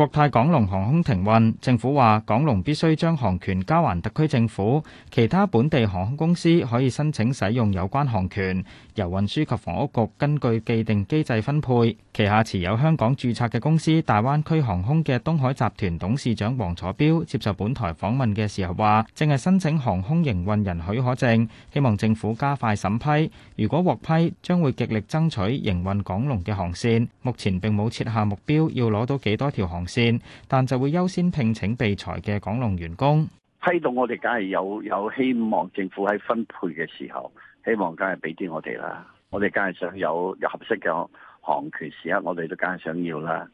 國泰港龍航空停運，政府話港龍必須將航權交還特區政府，其他本地航空公司可以申請使用有關航權。由運輸及房屋局根據既定機制分配，旗下持有香港註冊嘅公司大灣區航空嘅東海集團董事長黃楚標接受本台訪問嘅時候話，正係申請航空營運人許可證，希望政府加快審批。如果獲批，將會極力爭取營運港龍嘅航線。目前並冇設下目標要，要攞到幾多條航線。線，但就會優先聘請被裁嘅港龍員工。批到我哋，梗係有，有希望。政府喺分配嘅時候，希望梗係俾啲我哋啦。我哋梗係想有，有合適嘅航權時刻，我哋都梗係想要啦。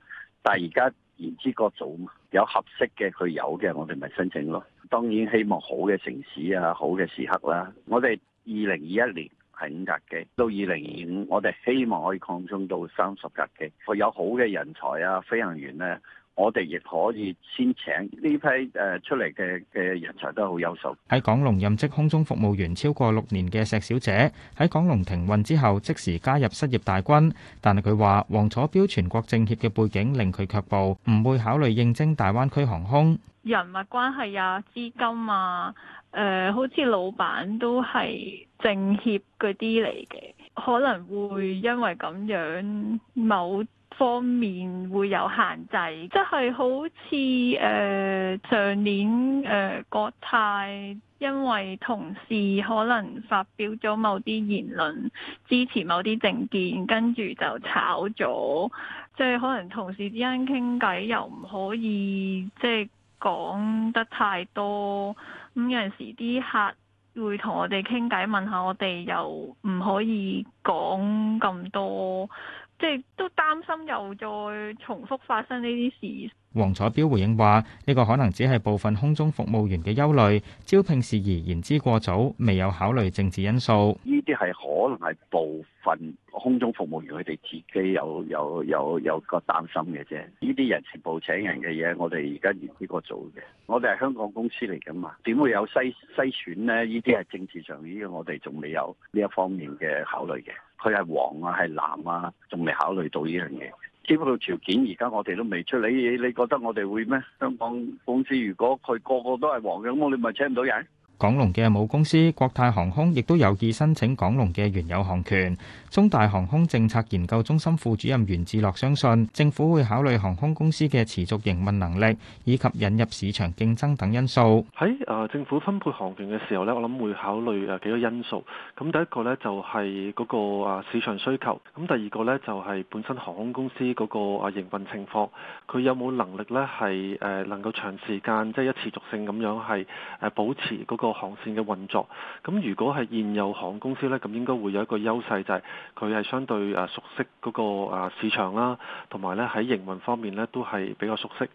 但係而家言之過早，有合適嘅佢有嘅，我哋咪申請咯。當然希望好嘅城市啊，好嘅時刻啦。我哋二零二一年係五架機，到二零二五，我哋希望可以擴充到三十架機。佢有好嘅人才啊，飛行員咧、啊。我哋亦可以先請呢批誒出嚟嘅，嘅人才都係好優秀。喺港龍任職空中服務員超過六年嘅石小姐，喺港龍停運之後，即時加入失業大軍。但係佢話，黃楚標全國政協嘅背景令佢卻步，唔會考慮應徵大灣區航空。人物關係啊，資金啊，誒、呃，好似老闆都係政協嗰啲嚟嘅，可能會因為咁樣某方面會有限制，即係好似誒上年誒國泰，因為同事可能發表咗某啲言論，支持某啲政見，跟住就炒咗。即係可能同事之間傾偈又唔可以即係講得太多。咁有陣時啲客會同我哋傾偈，問下我哋，又唔可以講咁多。即係都擔心又再重複發生呢啲事。黃楚標回應話：呢、呢個可能只係部分空中服務員嘅憂慮，招聘事宜言之過早，未有考慮政治因素。呢啲係可能係部分空中服務員佢哋自己有有有,有個擔心嘅啫。呢啲人全部請人嘅嘢，我哋而家唔呢個做嘅。我哋係香港公司嚟噶嘛，點會有篩篩選呢？呢啲係政治上，呢個我哋仲未有呢一方面嘅考慮嘅。佢係黃啊，係藍啊，仲未考慮到呢樣嘢。基本條件而家我哋都未出，你你覺得我哋會咩？香港公司如果佢個個都係黃嘅，咁我哋咪請唔到人。 港龍嘅母公司國泰航空亦都有意申請港龍嘅原有航權。中大航空政策研究中心副主任袁志樂相信政府會考慮航空公司嘅持續營運能力以及引入市場競爭等因素。喺誒政府分配航權嘅時候咧，我諗會考慮誒幾個因素。咁第一個咧就係嗰個誒市場需求。咁第二個咧就係本身航空公司嗰個誒營運情況，佢有冇能力咧係誒能夠長時間即係一持續性咁樣係誒保持嗰個。個航線嘅運作，咁如果係現有航空公司咧，咁應該會有一個優勢，就係佢係相對誒熟悉嗰個誒市場啦，同埋咧喺營運方面咧都係比較熟悉。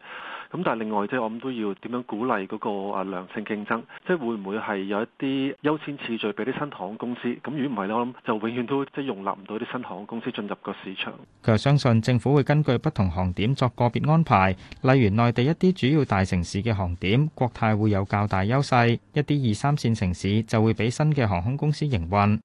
咁但係另外即係我諗都要點樣鼓勵嗰個啊良性競爭，即係會唔會係有一啲優先次序俾啲新航空公司？咁如果唔係咧，我諗就永遠都即係容納唔到啲新航空公司進入個市場。佢又相信政府會根據不同航點作個別安排，例如內地一啲主要大城市嘅航點，國泰會有較大優勢；一啲二三線城市就會俾新嘅航空公司營運。